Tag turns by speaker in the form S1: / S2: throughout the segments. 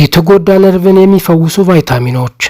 S1: የተጎዳ ነርቭን የሚፈውሱ ቫይታሚኖች።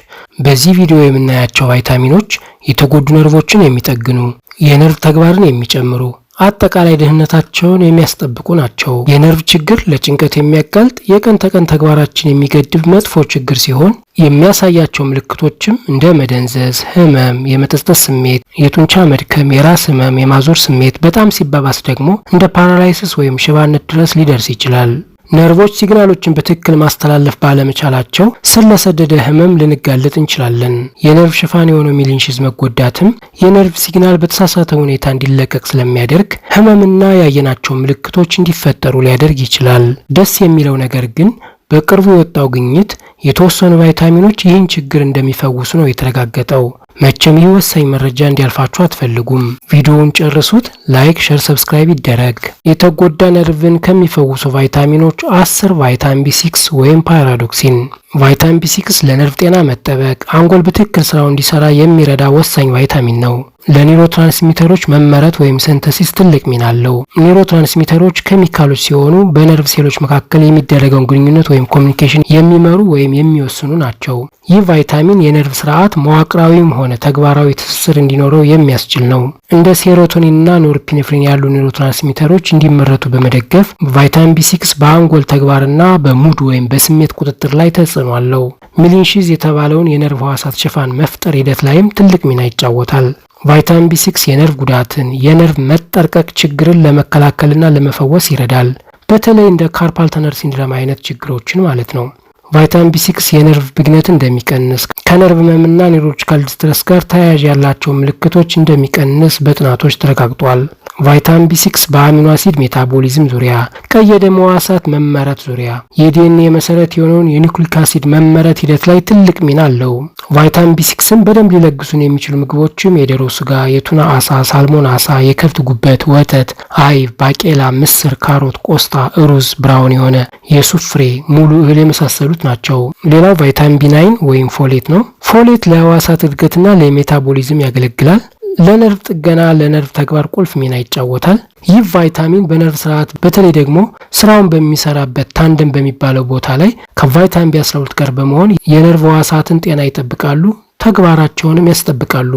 S1: በዚህ ቪዲዮ የምናያቸው ቫይታሚኖች የተጎዱ ነርቮችን የሚጠግኑ፣ የነርቭ ተግባርን የሚጨምሩ፣ አጠቃላይ ደህንነታቸውን የሚያስጠብቁ ናቸው። የነርቭ ችግር ለጭንቀት የሚያጋልጥ የቀን ተቀን ተግባራችን የሚገድብ መጥፎ ችግር ሲሆን የሚያሳያቸው ምልክቶችም እንደ መደንዘዝ፣ ህመም፣ የመጠጠት ስሜት፣ የጡንቻ መድከም፣ የራስ ህመም፣ የማዞር ስሜት፣ በጣም ሲባባስ ደግሞ እንደ ፓራላይሲስ ወይም ሽባነት ድረስ ሊደርስ ይችላል። ነርቮች ሲግናሎችን በትክክል ማስተላለፍ ባለመቻላቸው ስር ለሰደደ ህመም ልንጋለጥ እንችላለን። የነርቭ ሽፋን የሆነው ሚሊንሽዝ መጎዳትም የነርቭ ሲግናል በተሳሳተ ሁኔታ እንዲለቀቅ ስለሚያደርግ ህመምና ያየናቸው ምልክቶች እንዲፈጠሩ ሊያደርግ ይችላል። ደስ የሚለው ነገር ግን በቅርቡ የወጣው ግኝት የተወሰኑ ቫይታሚኖች ይህን ችግር እንደሚፈውሱ ነው የተረጋገጠው። መቼም ይህ ወሳኝ መረጃ እንዲያልፋችሁ አትፈልጉም። ቪዲዮውን ጨርሱት። ላይክ፣ ሸር፣ ሰብስክራይብ ይደረግ። የተጎዳ ነርቭን ከሚፈውሱ ቫይታሚኖች አስር ቫይታሚን ቢ6 ወይም ፓራዶክሲን። ቫይታሚን ቢ6 ለነርቭ ጤና መጠበቅ አንጎል በትክክል ስራው እንዲሰራ የሚረዳ ወሳኝ ቫይታሚን ነው። ለኒውሮ ትራንስሚተሮች መመረት ወይም ሰንተሲስ ትልቅ ሚና አለው። ኒውሮ ትራንስሚተሮች ኬሚካሎች ሲሆኑ በነርቭ ሴሎች መካከል የሚደረገውን ግንኙነት ወይም ኮሚኒኬሽን የሚመሩ ወይም የሚወስኑ ናቸው። ይህ ቫይታሚን የነርቭ ስርዓት መዋቅራዊም ሆነ ተግባራዊ ትስስር እንዲኖረው የሚያስችል ነው። እንደ ሴሮቶኒንና ኖርፒኔፍሪን ያሉ ትራንስሚተሮች እንዲመረቱ በመደገፍ ቫይታሚን ቢ6 በአንጎል ተግባርና በሙድ ወይም በስሜት ቁጥጥር ላይ ተጽዕኖ አለው። ሚሊንሺዝ የተባለውን የነርቭ ህዋሳት ሽፋን መፍጠር ሂደት ላይም ትልቅ ሚና ይጫወታል። ቫይታሚን ቢ6 የነርቭ ጉዳትን፣ የነርቭ መጠርቀቅ ችግርን ለመከላከልና ለመፈወስ ይረዳል። በተለይ እንደ ካርፓል ተነር ሲንድረም አይነት ችግሮችን ማለት ነው። ቫይታሚን ቢ6 የነርቭ ብግነት እንደሚቀንስ፣ ከነርቭ ህመምና ኒውሮሎጂካል ዲስትረስ ጋር ተያያዥ ያላቸው ምልክቶች እንደሚቀንስ በጥናቶች ተረጋግጧል። ቫይታሚን ቢ6 በአሚኖ አሲድ ሜታቦሊዝም ዙሪያ፣ ቀይ የደም ሕዋሳት መመረት ዙሪያ፣ የዲኤንኤ መሰረት የሆነውን የኒኩሊክ አሲድ መመረት ሂደት ላይ ትልቅ ሚና አለው። ቫይታሚን ቢ6ን በደንብ ሊለግሱን የሚችሉ ምግቦችም የደሮ ስጋ፣ የቱና አሳ፣ ሳልሞን አሳ፣ የከብት ጉበት፣ ወተት፣ አይብ፣ ባቄላ፣ ምስር፣ ካሮት፣ ቆስታ፣ ሩዝ፣ ብራውን የሆነ የሱፍሬ ሙሉ እህል የመሳሰሉት ናቸው። ሌላው ቫይታሚን ቢ9 ወይም ፎሌት ነው። ፎሌት ለህዋሳት እድገትና ለሜታቦሊዝም ያገለግላል። ለነርቭ ጥገና፣ ለነርቭ ተግባር ቁልፍ ሚና ይጫወታል። ይህ ቫይታሚን በነርቭ ስርዓት በተለይ ደግሞ ስራውን በሚሰራበት ታንደም በሚባለው ቦታ ላይ ከቫይታሚን ቢ12 ጋር በመሆን የነርቭ ዋሳትን ጤና ይጠብቃሉ፣ ተግባራቸውንም ያስጠብቃሉ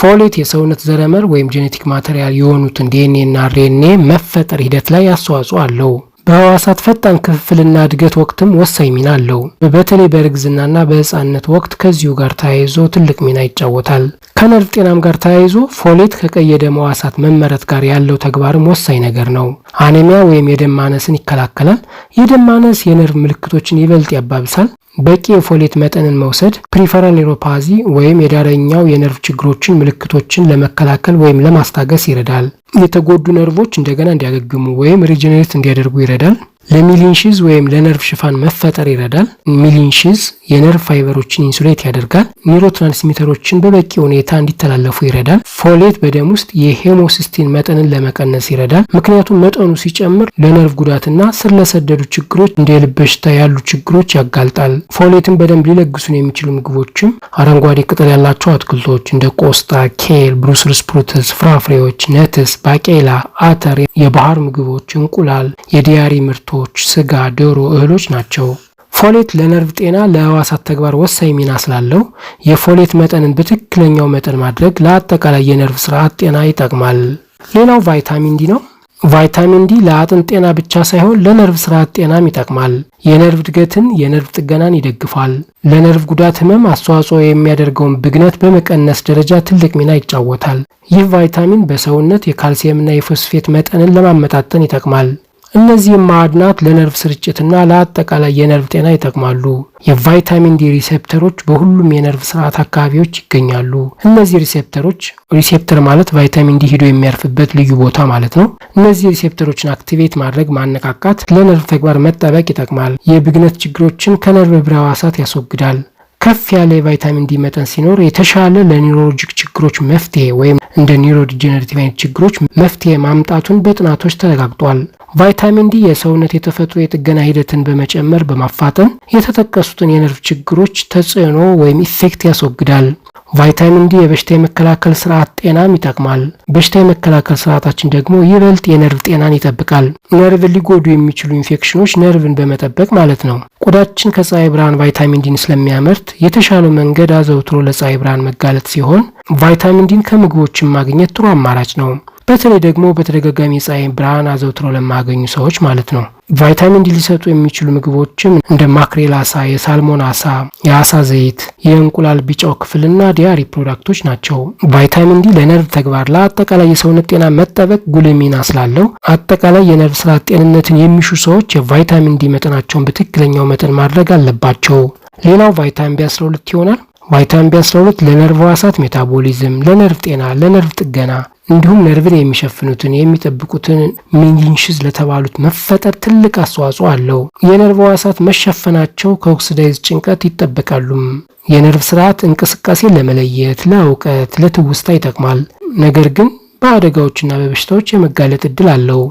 S1: ፎሌት የሰውነት ዘረመር ወይም ጄኔቲክ ማቴሪያል የሆኑትን ዲኤንኤ እና ሬኔ መፈጠር ሂደት ላይ አስተዋጽኦ አለው። በህዋሳት ፈጣን ክፍፍልና እድገት ወቅትም ወሳኝ ሚና አለው። በተለይ በእርግዝናና በህፃነት ወቅት ከዚሁ ጋር ተያይዞ ትልቅ ሚና ይጫወታል። ከነርቭ ጤናም ጋር ተያይዞ ፎሌት ከቀይ የደም ህዋሳት መመረት ጋር ያለው ተግባርም ወሳኝ ነገር ነው። አኔሚያ ወይም የደም ማነስን ይከላከላል። የደም ማነስ የነርቭ ምልክቶችን ይበልጥ ያባብሳል። በቂ የፎሌት መጠንን መውሰድ ፕሪፈራል ኒውሮፓዚ ወይም የዳረኛው የነርቭ ችግሮችን ምልክቶችን ለመከላከል ወይም ለማስታገስ ይረዳል። የተጎዱ ነርቮች እንደገና እንዲያገግሙ ወይም ሪጀኔሬት እንዲያደርጉ ይረዳል። ለሚሊንሺዝ ወይም ለነርቭ ሽፋን መፈጠር ይረዳል። ሚሊንሺዝ የነርቭ ፋይበሮችን ኢንሱሌት ያደርጋል። ትራንስሚተሮችን በበቂ ሁኔታ እንዲተላለፉ ይረዳል። ፎሌት በደም ውስጥ የሄሞሲስቲን መጠንን ለመቀነስ ይረዳል። ምክንያቱም መጠኑ ሲጨምር ለነርቭ ጉዳትና ስር ለሰደዱ ችግሮች እንደ የልብ በሽታ ያሉ ችግሮች ያጋልጣል። ፎሌትን በደንብ ሊለግሱን የሚችሉ ምግቦችም አረንጓዴ ቅጠል ያላቸው አትክልቶች እንደ ቆስጣ፣ ኬል፣ ብሩስልስ ፕሩትስ፣ ፍራፍሬዎች፣ ነትስ ባቄላ፣ አተር፣ የባህር ምግቦች፣ እንቁላል፣ የዲያሪ ምርቶች፣ ስጋ፣ ዶሮ፣ እህሎች ናቸው። ፎሌት ለነርቭ ጤና፣ ለህዋሳት ተግባር ወሳኝ ሚና ስላለው የፎሌት መጠንን በትክክለኛው መጠን ማድረግ ለአጠቃላይ የነርቭ ስርዓት ጤና ይጠቅማል። ሌላው ቫይታሚን ዲ ነው። ቫይታሚን ዲ ለአጥንት ጤና ብቻ ሳይሆን ለነርቭ ስርዓት ጤናም ይጠቅማል። የነርቭ እድገትን፣ የነርቭ ጥገናን ይደግፋል። ለነርቭ ጉዳት ህመም አስተዋጽኦ የሚያደርገውን ብግነት በመቀነስ ደረጃ ትልቅ ሚና ይጫወታል። ይህ ቫይታሚን በሰውነት የካልሲየምና የፎስፌት መጠንን ለማመጣጠን ይጠቅማል። እነዚህም ማዕድናት ለነርቭ ስርጭትና ለአጠቃላይ የነርቭ ጤና ይጠቅማሉ። የቫይታሚን ዲ ሪሴፕተሮች በሁሉም የነርቭ ስርዓት አካባቢዎች ይገኛሉ። እነዚህ ሪሴፕተሮች ሪሴፕተር ማለት ቫይታሚን ዲ ሂዶ የሚያርፍበት ልዩ ቦታ ማለት ነው። እነዚህ ሪሴፕተሮችን አክቲቬት ማድረግ ማነቃቃት ለነርቭ ተግባር መጠበቅ ይጠቅማል። የብግነት ችግሮችን ከነርቭ ህብረ ህዋሳት ያስወግዳል። ከፍ ያለ የቫይታሚን ዲ መጠን ሲኖር የተሻለ ለኒውሮሎጂክ ችግሮች መፍትሄ ወይም እንደ ኒውሮዲጀነሬቲቭ አይነት ችግሮች መፍትሄ ማምጣቱን በጥናቶች ተረጋግጧል። ቫይታሚን ዲ የሰውነት የተፈጥሮ የጥገና ሂደትን በመጨመር በማፋጠን የተጠቀሱትን የነርቭ ችግሮች ተጽዕኖ ወይም ኢፌክት ያስወግዳል። ቫይታሚን ዲ የበሽታ የመከላከል ስርዓት ጤናም ይጠቅማል። በሽታ የመከላከል ስርዓታችን ደግሞ ይበልጥ የነርቭ ጤናን ይጠብቃል። ነርቭ ሊጎዱ የሚችሉ ኢንፌክሽኖች ነርቭን በመጠበቅ ማለት ነው። ቆዳችን ከፀሐይ ብርሃን ቫይታሚን ዲን ስለሚያመርት የተሻለው መንገድ አዘውትሮ ለፀሐይ ብርሃን መጋለጥ ሲሆን ቫይታሚን ዲን ከምግቦችን ማግኘት ጥሩ አማራጭ ነው። በተለይ ደግሞ በተደጋጋሚ የፀሐይ ብርሃን አዘውትሮ ለማያገኙ ሰዎች ማለት ነው። ቫይታሚን ዲ ሊሰጡ የሚችሉ ምግቦችም እንደ ማክሬል አሳ፣ የሳልሞን አሳ፣ የአሳ ዘይት፣ የእንቁላል ቢጫው ክፍልና ዲያሪ ፕሮዳክቶች ናቸው። ቫይታሚን ዲ ለነርቭ ተግባር፣ ለአጠቃላይ የሰውነት ጤና መጠበቅ ጉልህ ሚና ስላለው አጠቃላይ የነርቭ ስርዓት ጤንነትን የሚሹ ሰዎች የቫይታሚን ዲ መጠናቸውን በትክክለኛው መጠን ማድረግ አለባቸው። ሌላው ቫይታሚን ቢ12 ይሆናል። ቫይታሚን ቢ12 ለነርቭ ህዋሳት ሜታቦሊዝም፣ ለነርቭ ጤና፣ ለነርቭ ጥገና እንዲሁም ነርቭን የሚሸፍኑትን የሚጠብቁትን ሚንጊንሽዝ ለተባሉት መፈጠር ትልቅ አስተዋጽኦ አለው። የነርቭ ህዋሳት መሸፈናቸው ከኦክሲዳይዝ ጭንቀት ይጠበቃሉም። የነርቭ ስርዓት እንቅስቃሴን ለመለየት፣ ለእውቀት፣ ለትውስታ ይጠቅማል። ነገር ግን በአደጋዎችና በበሽታዎች የመጋለጥ እድል አለው።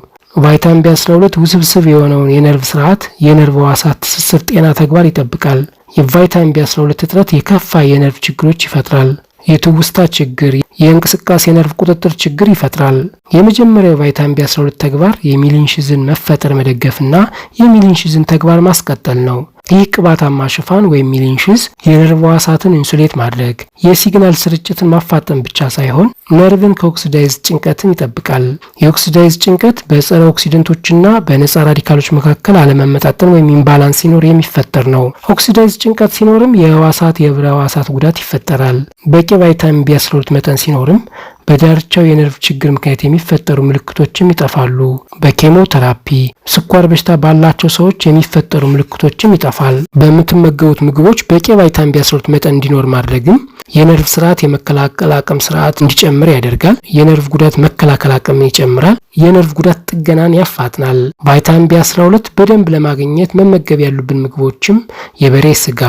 S1: ቫይታሚን ቢ12 ውስብስብ የሆነውን የነርቭ ስርዓት የነርቭ ህዋሳት ትስስር ጤና ተግባር ይጠብቃል። የቫይታሚን ቢ12 እጥረት የከፋ የነርቭ ችግሮች ይፈጥራል። የትውስታ ችግር፣ የእንቅስቃሴ ነርቭ ቁጥጥር ችግር ይፈጥራል። የመጀመሪያው ቫይታሚን ቢ12 ተግባር የሚሊንሽዝን መፈጠር መደገፍና የሚሊንሽዝን ተግባር ማስቀጠል ነው። ይህ ቅባታማ ሽፋን ወይም ሚሊንሽዝ የነርቭ ዋሳትን ኢንሱሌት ማድረግ የሲግናል ስርጭትን ማፋጠን ብቻ ሳይሆን ነርቭን ከኦክሲዳይዝ ጭንቀትን ይጠብቃል። የኦክሲዳይዝ ጭንቀት በጸረ ኦክሲደንቶችና በነጻ ራዲካሎች መካከል አለመመጣጠን ወይም ኢምባላንስ ሲኖር የሚፈጠር ነው። ኦክሲዳይዝ ጭንቀት ሲኖርም የህዋሳት የህብረ ህዋሳት ጉዳት ይፈጠራል። በቂ ቫይታሚን ቢ12 መጠን ሲኖርም በዳርቻው የነርቭ ችግር ምክንያት የሚፈጠሩ ምልክቶችም ይጠፋሉ። በኬሞቴራፒ ስኳር በሽታ ባላቸው ሰዎች የሚፈጠሩ ምልክቶችም ይጠፋል። በምትመገቡት ምግቦች በቂ ቫይታሚን ቢ12 መጠን እንዲኖር ማድረግም የነርቭ ስርዓት የመከላከል አቅም ስርዓት እንዲጨምር እንዲጨምር ያደርጋል። የነርቭ ጉዳት መከላከል አቅምን ይጨምራል። የነርቭ ጉዳት ጥገናን ያፋጥናል። ቫይታሚን ቢ12 በደንብ ለማግኘት መመገብ ያሉብን ምግቦችም የበሬ ስጋ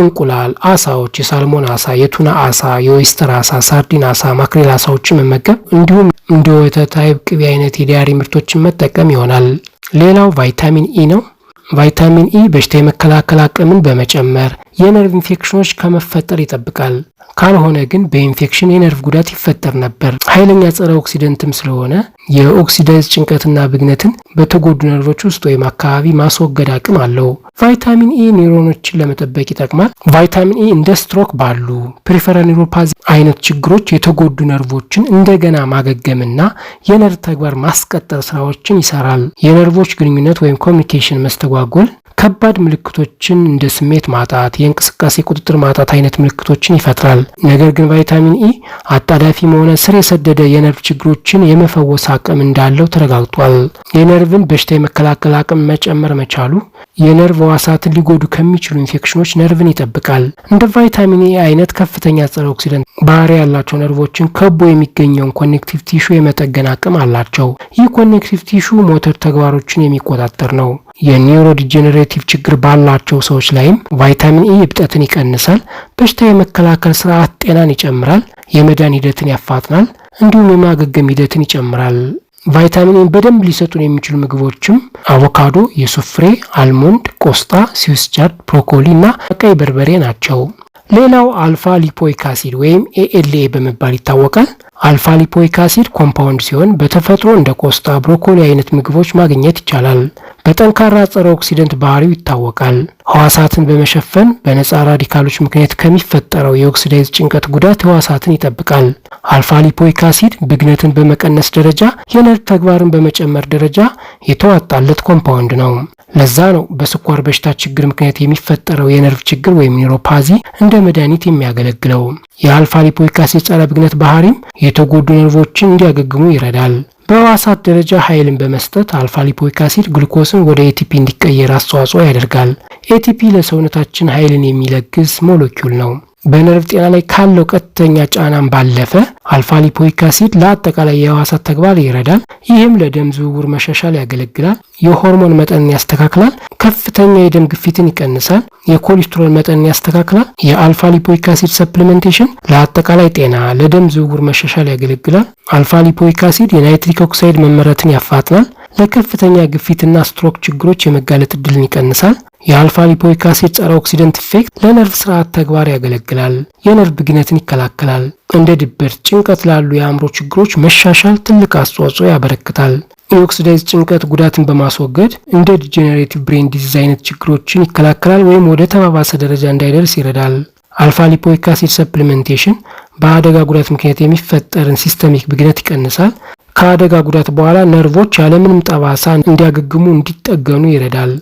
S1: እንቁላል፣ አሳዎች፣ የሳልሞን አሳ፣ የቱና አሳ፣ የኦይስተር አሳ፣ ሳርዲን አሳ፣ ማክሬል አሳዎችን መመገብ እንዲሁም እንደ ወተት፣ አይብ፣ ቅቤ አይነት የዲያሪ ምርቶችን መጠቀም ይሆናል። ሌላው ቫይታሚን ኢ ነው። ቫይታሚን ኢ በሽታ የመከላከል አቅምን በመጨመር የነርቭ ኢንፌክሽኖች ከመፈጠር ይጠብቃል። ካልሆነ ግን በኢንፌክሽን የነርቭ ጉዳት ይፈጠር ነበር። ኃይለኛ ጸረ ኦክሲደንትም ስለሆነ የኦክሲዳይዝ ጭንቀትና ብግነትን በተጎዱ ነርቮች ውስጥ ወይም አካባቢ ማስወገድ አቅም አለው። ቫይታሚን ኢ ኒውሮኖችን ለመጠበቅ ይጠቅማል። ቫይታሚን ኢ እንደ ስትሮክ ባሉ ፕሪፈራ ኒውሮፓዚ አይነት ችግሮች የተጎዱ ነርቮችን እንደገና ማገገምና የነርቭ ተግባር ማስቀጠል ስራዎችን ይሰራል። የነርቮች ግንኙነት ወይም ኮሚኒኬሽን መስተጓጎል ከባድ ምልክቶችን እንደ ስሜት ማጣት፣ የእንቅስቃሴ ቁጥጥር ማጣት አይነት ምልክቶችን ይፈጥራል። ይሞክራል። ነገር ግን ቫይታሚን ኢ አጣዳፊ መሆነ ስር የሰደደ የነርቭ ችግሮችን የመፈወስ አቅም እንዳለው ተረጋግጧል። የነርቭን በሽታ የመከላከል አቅም መጨመር መቻሉ የነርቭ ህዋሳትን ሊጎዱ ከሚችሉ ኢንፌክሽኖች ነርቭን ይጠብቃል። እንደ ቫይታሚን ኤ አይነት ከፍተኛ ጸረ ኦክሲደንት ባህሪ ያላቸው ነርቮችን ከቦ የሚገኘውን ኮኔክቲቭ ቲሹ የመጠገን አቅም አላቸው። ይህ ኮኔክቲቭ ቲሹ ሞተር ተግባሮችን የሚቆጣጠር ነው። የኒውሮ ዲጀኔሬቲቭ ችግር ባላቸው ሰዎች ላይም ቫይታሚን ኢ እብጠትን ይቀንሳል፣ በሽታ የመከላከል ስርዓት ጤናን ይጨምራል፣ የመዳን ሂደትን ያፋጥናል፣ እንዲሁም የማገገም ሂደትን ይጨምራል። ቫይታሚንን በደንብ ሊሰጡን የሚችሉ ምግቦችም አቮካዶ፣ የሱፍሬ፣ አልሞንድ፣ ቆስጣ፣ ሲዊስቻርድ፣ ቻርድ፣ ብሮኮሊ እና ቀይ በርበሬ ናቸው። ሌላው አልፋ ሊፖይክ አሲድ ወይም ኤኤልኤ በመባል ይታወቃል። አልፋ ሊፖይክ አሲድ ኮምፓውንድ ሲሆን በተፈጥሮ እንደ ቆስጣ፣ ብሮኮሊ አይነት ምግቦች ማግኘት ይቻላል። በጠንካራ ጸረ ኦክሲደንት ባህሪው ይታወቃል። ህዋሳትን በመሸፈን በነጻ ራዲካሎች ምክንያት ከሚፈጠረው የኦክሲዳይዝ ጭንቀት ጉዳት ህዋሳትን ይጠብቃል። አልፋ ሊፖይክ አሲድ ብግነትን በመቀነስ ደረጃ፣ የነርቭ ተግባርን በመጨመር ደረጃ የተዋጣለት ኮምፓውንድ ነው። ለዛ ነው በስኳር በሽታ ችግር ምክንያት የሚፈጠረው የነርቭ ችግር ወይም ኒውሮፓዚ እንደ መድኃኒት የሚያገለግለው። የአልፋ ሊፖይክ አሲድ ጸረ ብግነት ባህሪም የተጎዱ ነርቮችን እንዲያገግሙ ይረዳል። በዋሳት ደረጃ ኃይልን በመስጠት አልፋ ሊፖይክ አሲድ ግሉኮስን ወደ ኤቲፒ እንዲቀየር አስተዋጽኦ ያደርጋል። ኤቲፒ ለሰውነታችን ኃይልን የሚለግስ ሞለኪውል ነው። በነርቭ ጤና ላይ ካለው ቀጥተኛ ጫናን ባለፈ አልፋ ሊፖይክ አሲድ ለአጠቃላይ የህዋሳት ተግባር ይረዳል። ይህም ለደም ዝውውር መሻሻል ያገለግላል። የሆርሞን መጠንን ያስተካክላል። ከፍተኛ የደም ግፊትን ይቀንሳል። የኮሌስትሮል መጠንን ያስተካክላል። የአልፋ ሊፖይክ አሲድ ሰፕሊመንቴሽን ለአጠቃላይ ጤና፣ ለደም ዝውውር መሻሻል ያገለግላል። አልፋ ሊፖይክ አሲድ የናይትሪክ ኦክሳይድ መመረትን ያፋጥናል። ለከፍተኛ ግፊትና ስትሮክ ችግሮች የመጋለጥ እድልን ይቀንሳል። የአልፋ ሊፖይክ አሲድ ጸረ ኦክሲደንት ኢፌክት ለነርቭ ስርዓት ተግባር ያገለግላል። የነርቭ ብግነትን ይከላከላል። እንደ ድብር ጭንቀት ላሉ የአእምሮ ችግሮች መሻሻል ትልቅ አስተዋጽኦ ያበረክታል። የኦክሲዳይዝ ጭንቀት ጉዳትን በማስወገድ እንደ ዲጀኔሬቲቭ ብሬን ዲዚዝ አይነት ችግሮችን ይከላከላል ወይም ወደ ተባባሰ ደረጃ እንዳይደርስ ይረዳል። አልፋ ሊፖይክ አሲድ በአደጋ ጉዳት ምክንያት የሚፈጠርን ሲስተሚክ ብግነት ይቀንሳል። ከአደጋ ጉዳት በኋላ ነርቮች ያለምንም ጠባሳ እንዲያገግሙ እንዲጠገኑ ይረዳል።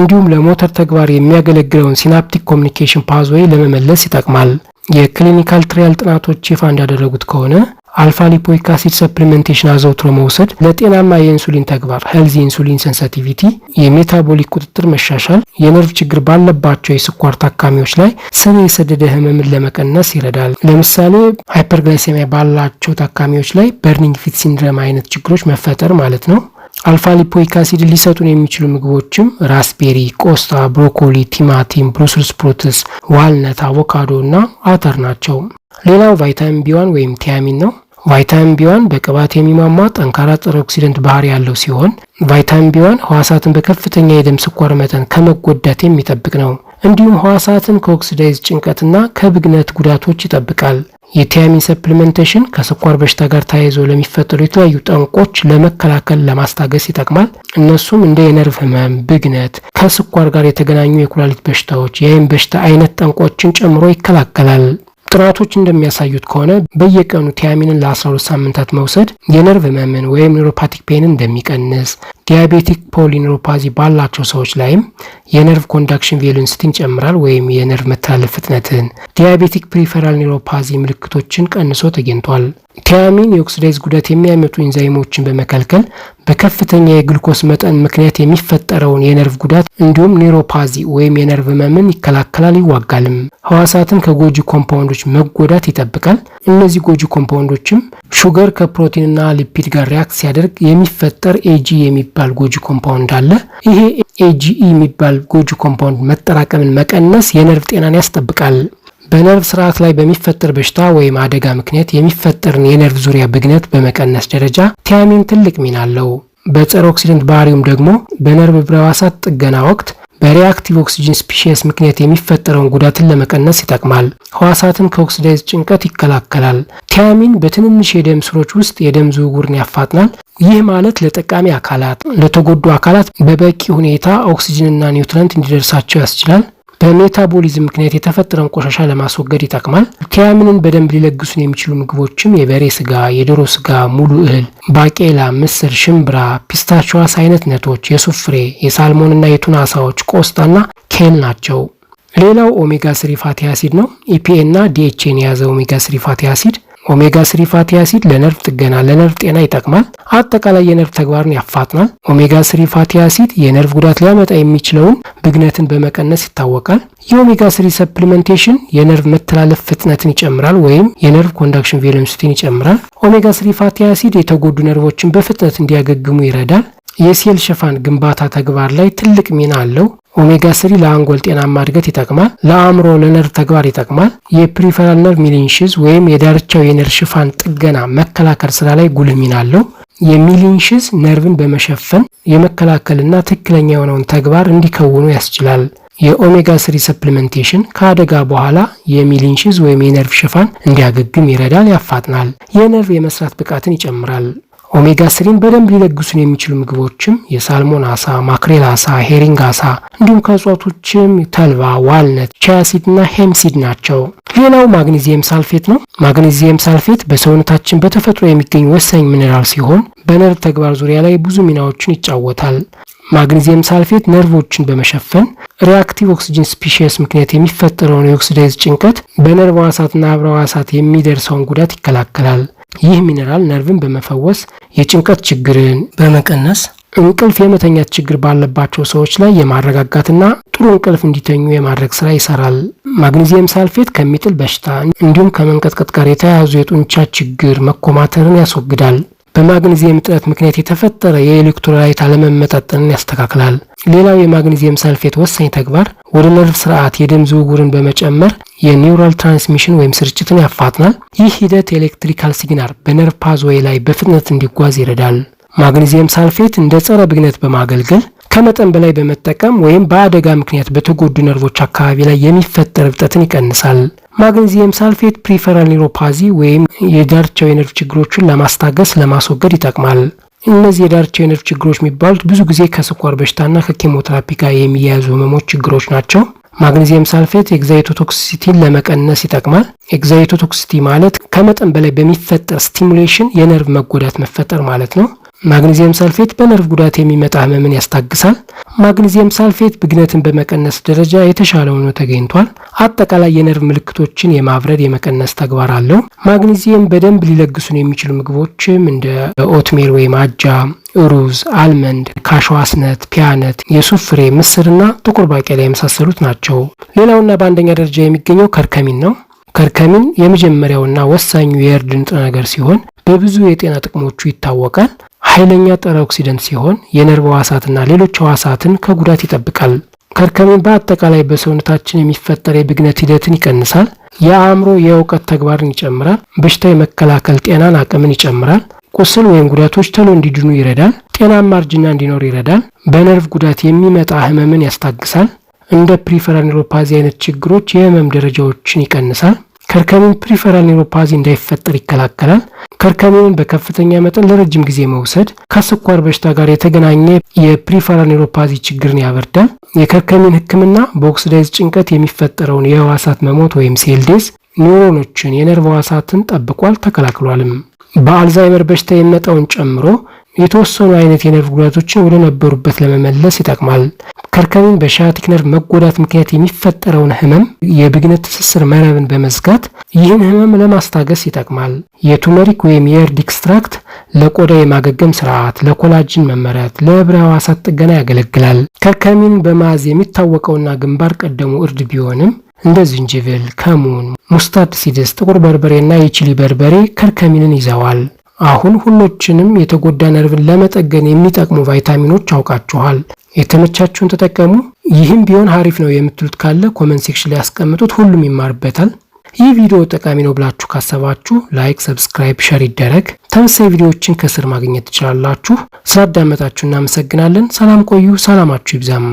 S1: እንዲሁም ለሞተር ተግባር የሚያገለግለውን ሲናፕቲክ ኮሚኒኬሽን ፓዝዌይ ለመመለስ ይጠቅማል። የክሊኒካል ትሪያል ጥናቶች ይፋ እንዳደረጉት ከሆነ አልፋ ሊፖይክ አሲድ ሰፕሊመንቴሽን አዘውትሮ መውሰድ ለጤናማ የኢንሱሊን ተግባር ሄልዚ ኢንሱሊን ሴንሲቲቪቲ፣ የሜታቦሊክ ቁጥጥር መሻሻል፣ የነርቭ ችግር ባለባቸው የስኳር ታካሚዎች ላይ ስር የሰደደ ህመምን ለመቀነስ ይረዳል። ለምሳሌ ሃይፐርግላይሴሚያ ባላቸው ታካሚዎች ላይ በርኒንግ ፊት ሲንድረም አይነት ችግሮች መፈጠር ማለት ነው። አልፋ ሊፖይክ አሲድ ሊሰጡን የሚችሉ ምግቦችም ራስቤሪ፣ ቆስጣ፣ ብሮኮሊ፣ ቲማቲም፣ ብሩስልስ ስፕሮትስ፣ ዋልነት፣ አቮካዶ እና አተር ናቸው። ሌላው ቫይታሚን ቢዋን ወይም ቲያሚን ነው። ቫይታሚን ቢዋን በቅባት የሚሟሟ ጠንካራ ጸረ ኦክሲደንት ባህሪ ያለው ሲሆን ቫይታሚን ቢዋን ህዋሳትን በከፍተኛ የደም ስኳር መጠን ከመጎዳት የሚጠብቅ ነው። እንዲሁም ህዋሳትን ከኦክሲዳይዝ ጭንቀትና ከብግነት ጉዳቶች ይጠብቃል። የቲያሚን ሰፕሊመንቴሽን ከስኳር በሽታ ጋር ተያይዞ ለሚፈጠሩ የተለያዩ ጠንቆች ለመከላከል ለማስታገስ ይጠቅማል። እነሱም እንደ የነርቭ ህመም፣ ብግነት፣ ከስኳር ጋር የተገናኙ የኩላሊት በሽታዎች፣ የአይን በሽታ አይነት ጠንቆችን ጨምሮ ይከላከላል። ጥናቶች እንደሚያሳዩት ከሆነ በየቀኑ ቲያሚንን ለ12 ሳምንታት መውሰድ የነርቭ ህመምን ወይም ኒውሮፓቲክ ፔንን እንደሚቀንስ ዲያቤቲክ ፖሊኒሮፓዚ ባላቸው ሰዎች ላይም የነርቭ ኮንዳክሽን ቬሎሲቲን ይጨምራል ወይም የነርቭ መተላለፍ ፍጥነትን። ዲያቤቲክ ፕሪፈራል ኒሮፓዚ ምልክቶችን ቀንሶ ተገኝቷል። ቲያሚን የኦክሲዳይዝ ጉዳት የሚያመጡ ኢንዛይሞችን በመከልከል በከፍተኛ የግልኮስ መጠን ምክንያት የሚፈጠረውን የነርቭ ጉዳት እንዲሁም ኒሮፓዚ ወይም የነርቭ ህመምን ይከላከላል ይዋጋልም። ህዋሳትን ከጎጂ ኮምፓውንዶች መጎዳት ይጠብቃል። እነዚህ ጎጂ ኮምፓውንዶችም ሹገር ከፕሮቲንና ሊፒድ ጋር ሪያክት ሲያደርግ የሚፈጠር ኤጂ የሚባል ጎጂ ኮምፓውንድ አለ። ይሄ ኤጂ የሚባል ጎጂ ኮምፓውንድ መጠራቀምን መቀነስ የነርቭ ጤናን ያስጠብቃል። በነርቭ ስርዓት ላይ በሚፈጠር በሽታ ወይም አደጋ ምክንያት የሚፈጠርን የነርቭ ዙሪያ ብግነት በመቀነስ ደረጃ ቲያሚን ትልቅ ሚና አለው። በጸረ ኦክሲደንት ባህሪውም ደግሞ በነርቭ ብረዋሳት ጥገና ወቅት በሪአክቲቭ ኦክሲጅን ስፒሺስ ምክንያት የሚፈጠረውን ጉዳትን ለመቀነስ ይጠቅማል። ህዋሳትን ከኦክሲዳይዝ ጭንቀት ይከላከላል። ቲያሚን በትንንሽ የደም ስሮች ውስጥ የደም ዝውውርን ያፋጥናል። ይህ ማለት ለጠቃሚ አካላት፣ ለተጎዱ አካላት በበቂ ሁኔታ ኦክሲጅንና ኒውትረንት እንዲደርሳቸው ያስችላል። በሜታቦሊዝም ምክንያት የተፈጠረን ቆሻሻ ለማስወገድ ይጠቅማል። ቲያምንን በደንብ ሊለግሱን የሚችሉ ምግቦችም የበሬ ስጋ፣ የዶሮ ስጋ፣ ሙሉ እህል፣ ባቄላ፣ ምስር፣ ሽምብራ፣ ፒስታቸዋስ አይነት ነቶች፣ የሱፍሬ፣ የሳልሞንና የቱና አሳዎች፣ ቆስጣና ኬል ናቸው። ሌላው ኦሜጋ ስሪ ፋቲ አሲድ ነው። ኢፒኤ እና ዲኤችኤን የያዘ ኦሜጋ ስሪ ፋቲ አሲድ ኦሜጋ ስሪ ፋቲ አሲድ ለነርቭ ጥገና፣ ለነርቭ ጤና ይጠቅማል። አጠቃላይ የነርቭ ተግባርን ያፋጥናል። ኦሜጋ ስሪ ፋቲ አሲድ የነርቭ ጉዳት ሊያመጣ የሚችለውን ብግነትን በመቀነስ ይታወቃል። የኦሜጋ ስሪ ሰፕሊመንቴሽን የነርቭ መተላለፍ ፍጥነትን ይጨምራል ወይም የነርቭ ኮንዳክሽን ቬሎሲቲን ይጨምራል። ኦሜጋ ስሪ ፋቲ አሲድ የተጎዱ ነርቮችን በፍጥነት እንዲያገግሙ ይረዳል። የሴል ሽፋን ግንባታ ተግባር ላይ ትልቅ ሚና አለው። ኦሜጋ ስሪ ለአንጎል ጤናማ እድገት ይጠቅማል። ለአእምሮ ለነርቭ ተግባር ይጠቅማል። የፕሪፈራል ነርቭ ሚሊንሽዝ ወይም የዳርቻው የነርቭ ሽፋን ጥገና መከላከል ስራ ላይ ጉልህ ሚና አለው። የሚሊንሽዝ ነርቭን በመሸፈን የመከላከልና ትክክለኛ የሆነውን ተግባር እንዲከውኑ ያስችላል። የኦሜጋ ስሪ ሰፕሊመንቴሽን ከአደጋ በኋላ የሚሊንሽዝ ወይም የነርቭ ሽፋን እንዲያገግም ይረዳል፣ ያፋጥናል። የነርቭ የመስራት ብቃትን ይጨምራል። ኦሜጋ ስሪን በደንብ ሊለግሱን የሚችሉ ምግቦችም የሳልሞን አሳ፣ ማክሬል አሳ፣ ሄሪንግ አሳ እንዲሁም ከእጽዋቶችም ተልባ፣ ዋልነት፣ ቻያሲድ እና ሄምሲድ ናቸው። ሌላው ማግኒዚየም ሳልፌት ነው። ማግኒዚየም ሳልፌት በሰውነታችን በተፈጥሮ የሚገኝ ወሳኝ ሚኔራል ሲሆን በነርቭ ተግባር ዙሪያ ላይ ብዙ ሚናዎችን ይጫወታል። ማግኒዚየም ሳልፌት ነርቮችን በመሸፈን ሪአክቲቭ ኦክሲጅን ስፒሽስ ምክንያት የሚፈጠረውን የኦክሲዳይዝ ጭንቀት በነርቭ ሕዋሳትና አብረ ሕዋሳት የሚደርሰውን ጉዳት ይከላከላል። ይህ ሚኔራል ነርቭን በመፈወስ የጭንቀት ችግርን በመቀነስ እንቅልፍ የመተኛት ችግር ባለባቸው ሰዎች ላይ የማረጋጋትና ጥሩ እንቅልፍ እንዲተኙ የማድረግ ስራ ይሰራል። ማግኒዚየም ሳልፌት ከሚጥል በሽታ እንዲሁም ከመንቀጥቀጥ ጋር የተያያዙ የጡንቻ ችግር መኮማተርን ያስወግዳል። በማግኒዚየም እጥረት ምክንያት የተፈጠረ የኤሌክትሮላይት አለመመጣጠንን ያስተካክላል። ሌላው የማግኒዚየም ሳልፌት ወሳኝ ተግባር ወደ ነርቭ ስርዓት የደም ዝውውርን በመጨመር የኒውራል ትራንስሚሽን ወይም ስርጭትን ያፋጥናል። ይህ ሂደት ኤሌክትሪካል ሲግናል በነርቭ ፓዝዌይ ላይ በፍጥነት እንዲጓዝ ይረዳል። ማግኔዚየም ሳልፌት እንደ ጸረ ብግነት በማገልገል ከመጠን በላይ በመጠቀም ወይም በአደጋ ምክንያት በተጎዱ ነርቮች አካባቢ ላይ የሚፈጠር እብጠትን ይቀንሳል። ማግኔዚየም ሳልፌት ፕሪፈራል ኒውሮፓዚ ወይም የዳርቻው የነርቭ ችግሮችን ለማስታገስ ለማስወገድ ይጠቅማል። እነዚህ የዳርቻው የነርቭ ችግሮች የሚባሉት ብዙ ጊዜ ከስኳር በሽታና ከኬሞትራፒ ጋር የሚያያዙ ህመሞች ችግሮች ናቸው። ማግኔዚየም ሳልፌት ኤግዛይቶቶክሲቲን ለመቀነስ ይጠቅማል። ኤግዛይቶቶክሲቲ ማለት ከመጠን በላይ በሚፈጠር ስቲሙሌሽን የነርቭ መጎዳት መፈጠር ማለት ነው። ማግኔዚየም ሳልፌት በነርቭ ጉዳት የሚመጣ ህመምን ያስታግሳል። ማግኔዚየም ሳልፌት ብግነትን በመቀነስ ደረጃ የተሻለ ሆኖ ተገኝቷል። አጠቃላይ የነርቭ ምልክቶችን የማብረድ የመቀነስ ተግባር አለው። ማግኔዚየም በደንብ ሊለግሱን የሚችሉ ምግቦችም እንደ ኦትሜል ወይም አጃ፣ ሩዝ፣ አልመንድ፣ ካሸዋስነት፣ ፒያነት፣ የሱፍ ፍሬ፣ ምስርና ጥቁር ባቄላ የመሳሰሉት ናቸው። ሌላውና በአንደኛ ደረጃ የሚገኘው ከርከሚን ነው። ከርከሚን የመጀመሪያውና ወሳኙ የእርድ ንጥረ ነገር ሲሆን በብዙ የጤና ጥቅሞቹ ይታወቃል። ኃይለኛ ጸረ ኦክሲደንት ሲሆን የነርቭ ህዋሳትና ሌሎች ህዋሳትን ከጉዳት ይጠብቃል። ከርከሚን በአጠቃላይ በሰውነታችን የሚፈጠር የብግነት ሂደትን ይቀንሳል። የአእምሮ የእውቀት ተግባርን ይጨምራል። በሽታ የመከላከል ጤናን አቅምን ይጨምራል። ቁስል ወይም ጉዳቶች ተሎ እንዲድኑ ይረዳል። ጤናማ እርጅና እንዲኖር ይረዳል። በነርቭ ጉዳት የሚመጣ ህመምን ያስታግሳል። እንደ ፕሪፈራል ኒውሮፓዚ አይነት ችግሮች የህመም ደረጃዎችን ይቀንሳል። ከርከሚን ፕሪፈራል ኒውሮፓዚ እንዳይፈጠር ይከላከላል። ከርከሚንን በከፍተኛ መጠን ለረጅም ጊዜ መውሰድ ከስኳር በሽታ ጋር የተገናኘ የፕሪፈራል ኒውሮፓዚ ችግርን ያበርዳል። የከርከሚን ህክምና በኦክስዳይዝ ጭንቀት የሚፈጠረውን የህዋሳት መሞት ወይም ሴልዴዝ ኒውሮኖችን፣ የነርቭ ህዋሳትን ጠብቋል፣ ተከላክሏልም። በአልዛይመር በሽታ የሚመጣውን ጨምሮ የተወሰኑ አይነት የነርቭ ጉዳቶችን ወደ ነበሩበት ለመመለስ ይጠቅማል። ከርከሚን በሻቲክ ነርቭ መጎዳት ምክንያት የሚፈጠረውን ህመም የብግነት ትስስር መረብን በመዝጋት ይህን ህመም ለማስታገስ ይጠቅማል። የቱመሪክ ወይም የእርድ ኤክስትራክት ለቆዳ የማገገም ስርዓት፣ ለኮላጅን መመረት፣ ለህብረ ህዋሳት ጥገና ያገለግላል። ከርከሚን በመያዝ የሚታወቀውና ግንባር ቀደሙ እርድ ቢሆንም እንደ ዝንጅብል፣ ከሙን፣ ሙስታርድ ሲድስ፣ ጥቁር በርበሬና የቺሊ በርበሬ ከርከሚንን ይዘዋል። አሁን ሁሎችንም የተጎዳ ነርቭን ለመጠገን የሚጠቅሙ ቫይታሚኖች አውቃችኋል። የተመቻችሁን ተጠቀሙ። ይህም ቢሆን አሪፍ ነው የምትሉት ካለ ኮመንት ሴክሽን ላይ ያስቀምጡት፣ ሁሉም ይማርበታል። ይህ ቪዲዮ ጠቃሚ ነው ብላችሁ ካሰባችሁ ላይክ፣ ሰብስክራይብ፣ ሸር ይደረግ። ተመሳሳይ ቪዲዮዎችን ከስር ማግኘት ትችላላችሁ። ስላዳመጣችሁ እናመሰግናለን። ሰላም ቆዩ። ሰላማችሁ ይብዛም።